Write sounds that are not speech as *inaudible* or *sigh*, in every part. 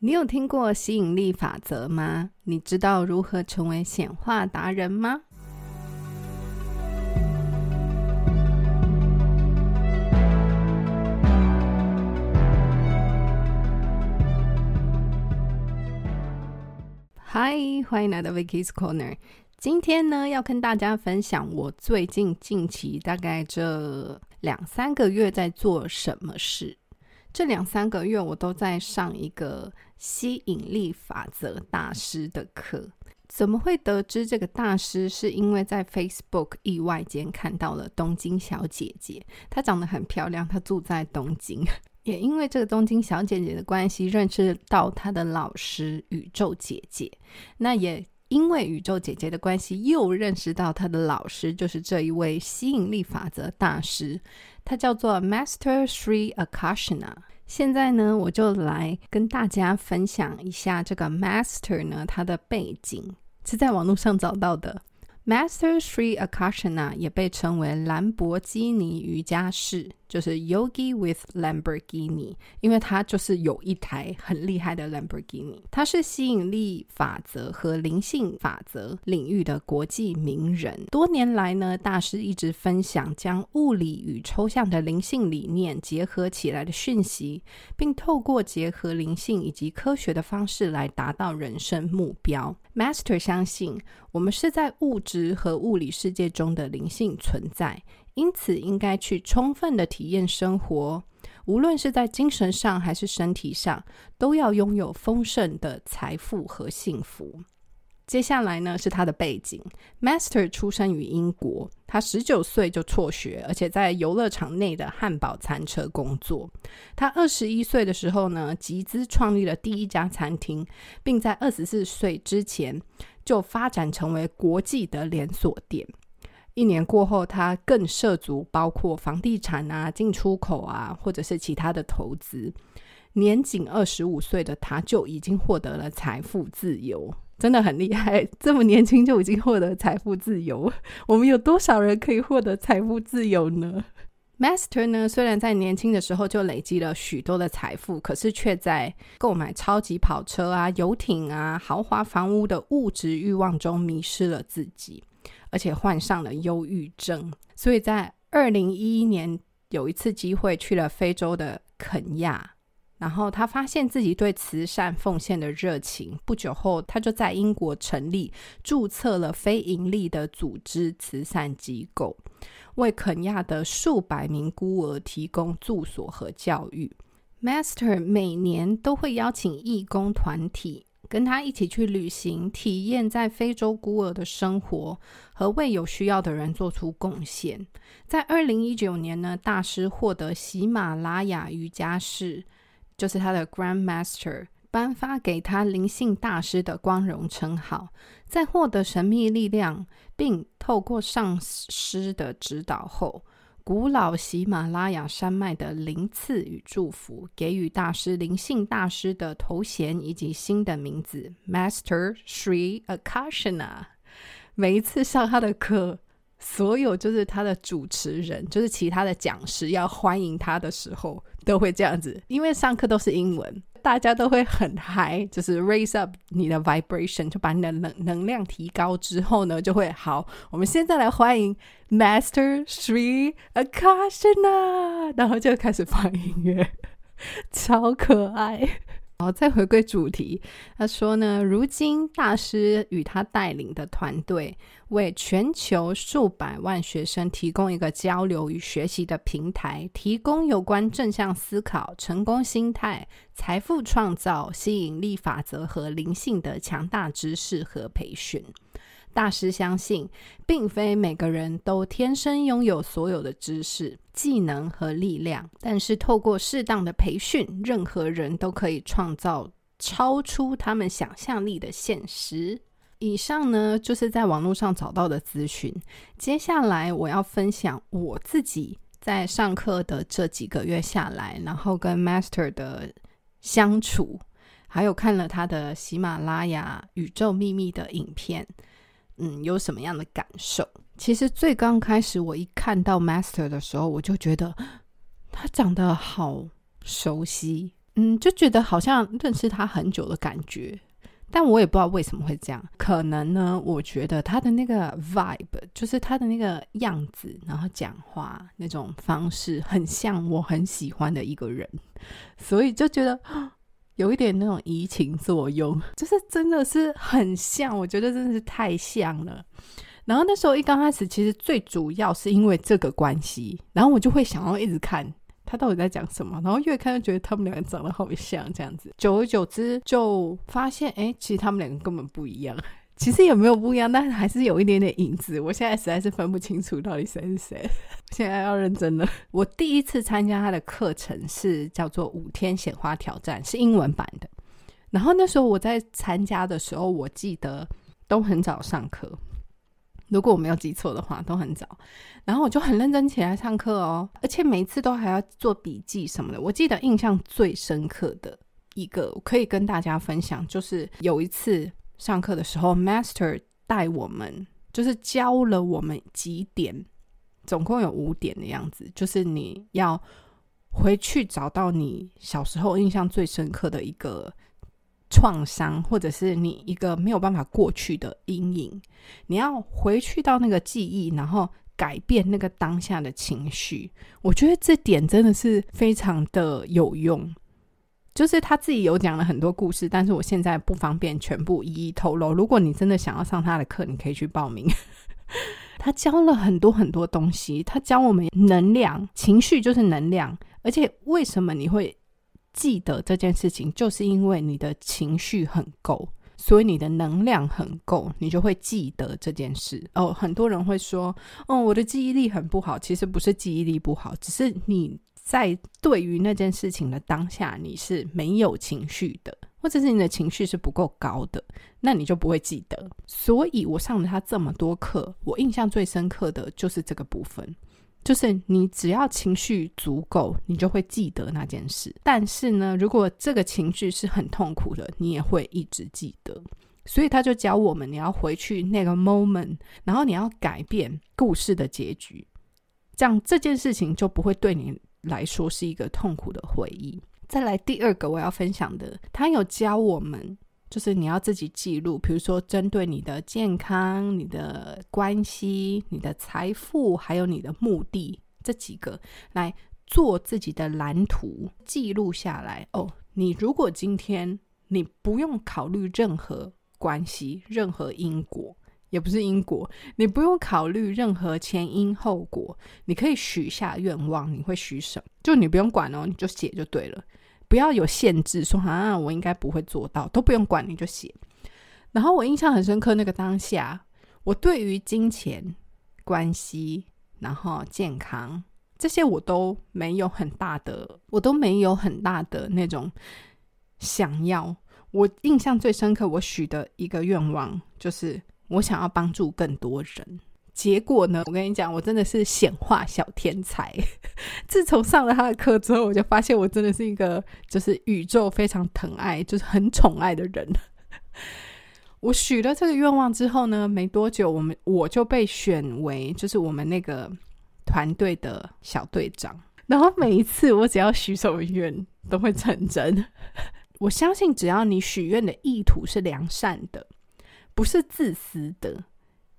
你有聽過吸引力法則嗎？你知道如何成為顯化達人嗎？Hi，歡迎來到 Vicky's Corner。今天呢，要跟大家分享我最近近期大概這兩三個月在做什麼事。這兩三個月，我都在上一個吸引力法則大師的課。怎麼會得知這個大師？是因為在 Facebook 意外間看到了東京小姐姐，她長得很漂亮，她住在東京。也因為這個東京小姐姐的關係，認識到她的老師宇宙姐姐。那也。因為宇宙姐姐的關係，又認識到他的老師就是這一位吸引力法則大師，他叫做 Master Sri Akarshana。現在呢，我就來跟大家分享一下這個 Master 呢，他的背景，是在網絡上找到的。Master Sri Akarshana 也被稱為蘭博基尼瑜伽士，就是 Yogi with Lamborghini，因為他就是有一台很厲害的 Lamborghini。他是吸引力法則和靈性法則領域的國際名人。多年來呢，大師一直分享將物理與抽象的靈性理念結合起來的訊息，並透過結合靈性以及科學的方式來達到人生目標。Master 相信，我們是在物質和物理世界中的靈性存在，因此應該去充分的體驗生活，無論是在精神上還是身體上，都要擁有豐盛的財富和幸福。接下來呢，是他的背景。Master 出生於英國，他十九歲就輟學，而且在遊樂場內的漢堡餐車工作。他二十一歲的時候呢，集資創立了第一家餐廳，並在二十四歲之前就發展成為國際的連鎖店。一年過後，他更涉足包括房地產啊、進出口啊，或者是其他的投資。年僅二十五歲的他就已經獲得了財富自由。真的很厲害，這麼年輕就已經獲得財富自由。我們有多少人可以獲得財富自由呢？Master 呢，雖然在年輕的時候就累積了許多的財富，可是卻在購買超級跑車啊、遊艇啊、豪華房屋的物質慾望中迷失了自己，而且患上了憂鬱症。所以在二零一一年有一次機會去了非洲的肯亞。然後他發現自己對慈善奉獻的熱情。不久後，他就在英國成立，註冊了非盈利的組織慈善機構，為肯亞的數百名孤兒提供住所和教育。Master 每年都會邀請義工團體跟他一起去旅行，體驗在非洲孤兒的生活和為有需要的人做出貢獻。在二零一九年呢，大師獲得喜馬拉雅瑜伽士。就是他的 Grand Master，頒發給他靈性大師的光榮稱號，在獲得神秘力量並透過上師的指導後，古老喜馬拉雅山脈的靈賜與祝福，給予大師靈性大師的頭銜以及新的名字 Master Sri Akarshana。每一次上他的課。所有就是他的主持人，就是其他的講師，要歡迎他的時候都會這樣子，因為上課都是英文，大家都會很嗨，就是 raise up 你的 vibration，就把你的能能量提高之後呢，就會好。我們現在來歡迎 Master Sri Akarshana，然後就開始放音樂，超可愛。好，哦，再回歸主題，他說呢，如今大師與他帶領的團隊為全球數百萬學生提供一個交流與學習的平台，提供有關正向思考、成功心態、財富創造、吸引力法則和靈性的強大知識和培訓。大師相信，並非每個人都天生擁有所有的知識、技能和力量。但是，透過適當的培訓，任何人都可以創造超出他們想象力的現實。以上呢，就是在網絡上找到的資訊。接下來，我要分享我自己在上課的這幾個月下來，然後跟 Master 的相處，還有看了他的喜馬拉雅《宇宙秘密》的影片。嗯，有什麼樣的感受？其實最剛開始，我一看到 Master 的時候，我就覺得他長得好熟悉，嗯，就覺得好像認識他很久的感覺。但我也不知道為什麼會這樣，可能呢，我覺得他的那個 vibe，就是他的那個樣子，然後講話那種方式，很像我很喜歡的一個人，所以就覺得。有一點那種移情作用，就是真的是很像，我覺得真的是太像了。然後那時候一剛開始，其實最主要是因為這個關係，然後我就會想要一直看他到底在講什麼，然後越看越覺得他們兩個長得好像這樣子，久而久之就發現，哎，其實他們兩個根本不一樣。其實也沒有不一樣，但還是有一點點影子。我現在實在是分不清楚到底誰是誰。我現在要認真了。 *laughs* 我第一次參加他的課程是叫做“五天顯化挑戰”，是英文版的。然後那時候我在參加的時候，我記得都很早上課。如果我沒有記錯的話，都很早。然後我就很認真起來上課哦，而且每次都還要做筆記什麼的。我記得印象最深刻的一個，我可以跟大家分享，就是有一次。上課的時候，Master 帶我們就是教了我們幾點，總共有五點的樣子。就是你要回去找到你小時候印象最深刻的一個創傷，或者是你一個沒有辦法過去的陰影，你要回去到那個記憶，然後改變那個當下的情緒。我覺得這點真的是非常的有用。就是他自己有講了很多故事，但是我現在不方便全部一一透露。如果你真的想要上他的課，你可以去報名。 *laughs* 他教了很多很多東西，他教我們能量、情緒就是能量。而且為什麼你會記得這件事情？就是因為你的情緒很夠，所以你的能量很夠，你就會記得這件事。哦，很多人會說，哦，我的記憶力很不好，其實不是記憶力不好，只是你。在對於那件事情的當下，你是沒有情緒的，或者是你的情緒是不夠高的，那你就不會記得。所以我上了他這麼多課，我印象最深刻的就是這個部分，就是你只要情緒足夠，你就會記得那件事。但是呢，如果這個情緒是很痛苦的，你也會一直記得。所以他就教我們，你要回去那個 moment，然後你要改變故事的結局，這樣這件事情就不會對你，來說是一個痛苦的回憶。再來第二個我要分享的，他有教我們，就是你要自己記錄，譬如說針對你的健康、你的關係、你的財富，還有你的目的這幾個，來做自己的藍圖記錄下來。哦，你如果今天你不用考慮任何關係、任何因果。也不是因果，你不用考慮任何前因後果，你可以許下願望，你會許什麼？就你不用管哦，你就寫就對了，不要有限制說，說啊我應該不會做到，都不用管，你就寫。然後我印象很深刻，那個當下，我對於金錢、關係、然後健康這些，我都沒有很大的，我都沒有很大的那種想要。我印象最深刻，我許的一個願望就是。我想要幫助更多人，結果呢，我跟你講，我真的是顯化小天才。自從上了他的課之後，我就發現我真的是一個就是宇宙非常疼愛、就是很寵愛的人。我許了這個願望之後呢，沒多久，我們我就被選為就是我們那個團隊的小隊長。然後每一次我只要許什麼願，都會成真。我相信只要你許願的意圖是良善的。不是自私的，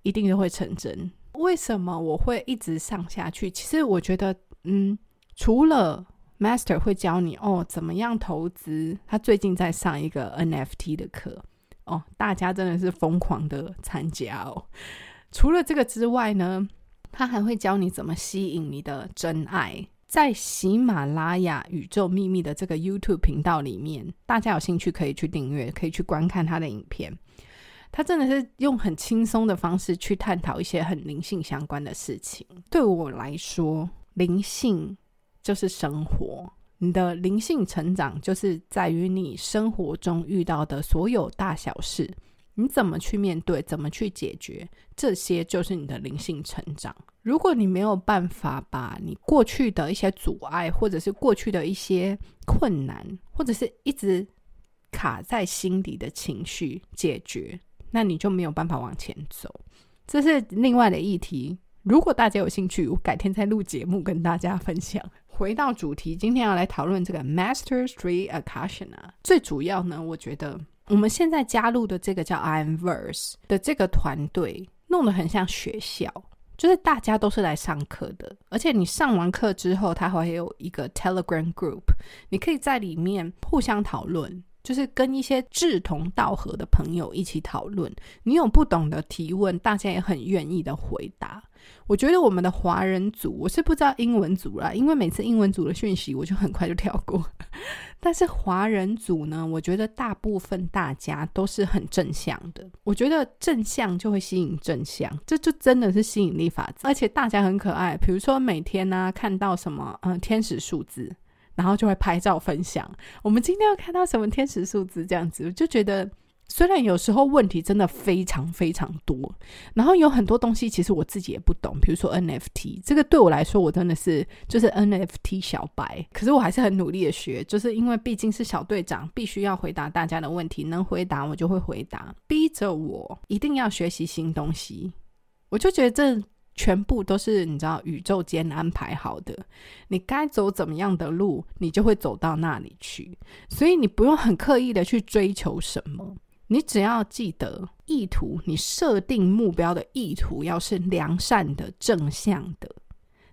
一定就會成真。為什麼我會一直上下去？其實我覺得，嗯，除了 Master 會教你哦，怎麼樣投資。他最近在上一個 NFT 的課哦，大家真的是瘋狂的參加哦。除了這個之外呢，他還會教你怎麼吸引你的真愛。在喜馬拉雅宇宙秘密的這個 YouTube 頻道裡面，大家有興趣可以去訂閱，可以去觀看他的影片。他真的是用很輕鬆的方式去探討一些很靈性相關的事情。對我來說，靈性就是生活。你的靈性成長就是在於你生活中遇到的所有大小事，你怎麼去面對，怎麼去解決，這些就是你的靈性成長。如果你沒有辦法把你過去的一些阻礙，或者是過去的一些困難，或者是一直卡在心底的情緒解決，那你就沒有辦法往前走，這是另外的議題。如果大家有興趣，我改天再錄節目跟大家分享。回到主題，今天要來討論這個 Master Sri Akarshana。最主要呢，我覺得我們現在加入的這個叫 IAMVERSE 的這個團隊，弄得很像學校，就是大家都是來上課的。而且你上完課之後，它會有一個 Telegram Group，你可以在裡面互相討論。就是跟一些志同道合的朋友一起討論，你有不懂的提問，大家也很願意的回答。我覺得我們的華人組，我是不知道英文組啦，因為每次英文組的訊息我就很快就跳過。但是華人組呢，我覺得大部分大家都是很正向的。我覺得正向就會吸引正向，這就真的是吸引力法則。而且大家很可愛，比如說每天啊，看到什麼，嗯、呃，天使數字。然後就會拍照分享，我們今天要看到什麼天使數字這樣子。我就覺得雖然有時候問題真的非常非常多，然後有很多東西其實我自己也不懂，比如說 NFT 這個對我來說，我真的是就是 NFT 小白。可是我還是很努力的學，就是因為畢竟是小隊長，必須要回答大家的問題，能回答我就會回答，逼着我一定要學習新東西。我就覺得這。全部都是你知道宇宙間安排好的，你該走怎麼樣的路，你就會走到那裡去。所以你不用很刻意的去追求什麼，你只要記得意圖，你設定目標的意圖要是良善的、正向的，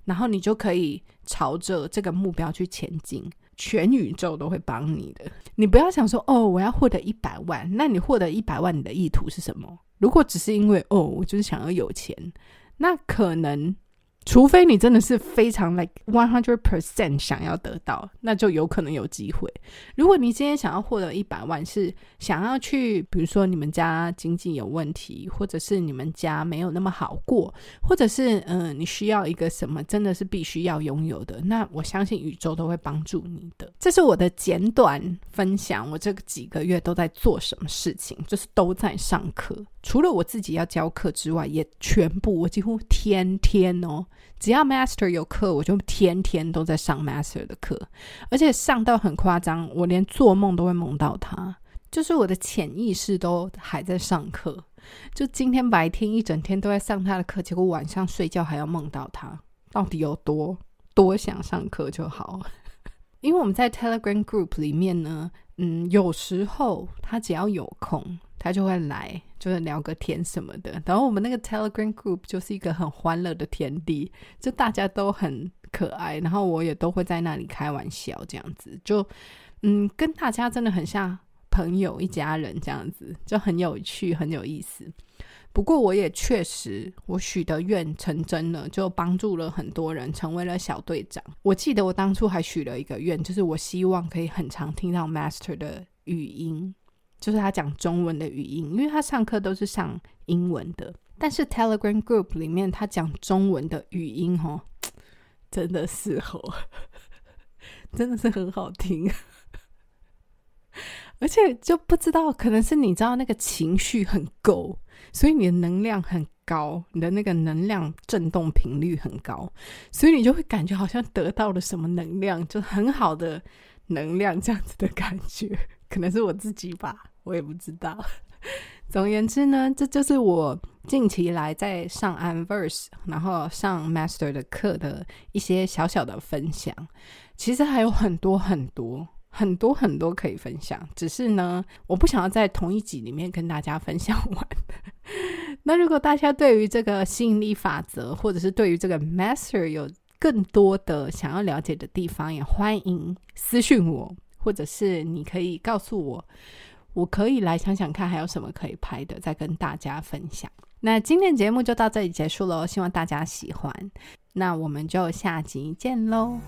然後你就可以朝着這個目標去前進，全宇宙都會幫你的。你不要想說哦，我要獲得一百萬，那你獲得一百萬，你的意圖是什麼？如果只是因為哦，我就是想要有錢。那可能。除非你真的是非常 like one hundred percent 想要得到，那就有可能有機會。如果你今天想要獲得一百萬，是想要去，比如說你們家經濟有問題，或者是你們家沒有那麼好過，或者是嗯，呃，你需要一個什麼真的是必須要擁有的，那我相信宇宙都會幫助你的。這是我的簡短分享。我這幾個月都在做什麼事情？就是都在上課，除了我自己要教課之外，也全部我幾乎天天哦。只要 Master 有課，我就天天都在上 Master 的課，而且上到很誇張，我連做夢都會夢到他，就是我的潛意識都還在上課。就今天白天一整天都在上他的課，結果晚上睡覺還要夢到他，到底有多，多想上課就好？ *laughs* 因為我們在 Telegram Group 裡面呢，嗯，有時候他只要有空。他就會來，就是聊個天什麼的。然後我們那個 Telegram group 就是一個很歡樂的天地，就大家都很可愛，然後我也都會在那裡開玩笑這樣子，就嗯，跟大家真的很像朋友一家人這樣子，就很有趣，很有意思。不過我也確實，我許的願成真了，就幫助了很多人，成為了小隊長。我記得我當初還許了一個願，就是我希望可以很常聽到 Master 的語音。就是他講中文的語音，因為他上課都是上英文的，但是 Telegram Group 裡面他講中文的語音，哦，真的是吼，真的是很好聽，而且就不知道，可能是你知道那個情緒很夠，所以你的能量很高，你的那個能量震動頻率很高，所以你就會感覺好像得到了什麼能量，就很好的能量這樣子的感覺。可能是我自己吧，我也不知道。總而言之呢，這就是我近期來在上安 verse 然後上 Master 的課的一些小小的分享。其實還有很多很多很多很多可以分享，只是呢，我不想要在同一集裡面跟大家分享完。那如果大家對於這個吸引力法則，或者是對於這個 Master 有更多的想要了解的地方，也歡迎私訊我。或者是你可以告訴我，我可以來想想看還有什麼可以拍的，再跟大家分享。那今天節目就到這裡結束了，希望大家喜歡。那我們就下集見嘍。